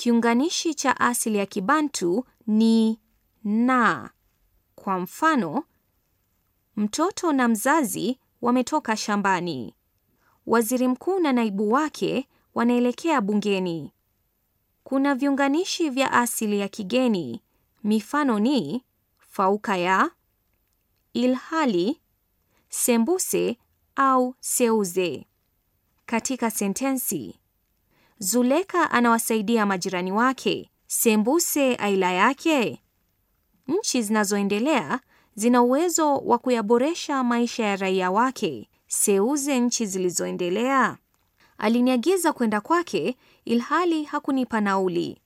Kiunganishi cha asili ya Kibantu ni na. Kwa mfano, mtoto na mzazi wametoka shambani. Waziri mkuu na naibu wake wanaelekea bungeni. Kuna viunganishi vya asili ya kigeni. Mifano ni fauka ya, ilhali, sembuse au seuze. Katika sentensi Zuleka anawasaidia majirani wake, sembuse aila yake. Nchi zinazoendelea zina uwezo wa kuyaboresha maisha ya raia wake, seuze nchi zilizoendelea. Aliniagiza kwenda kwake ilhali hakunipa nauli.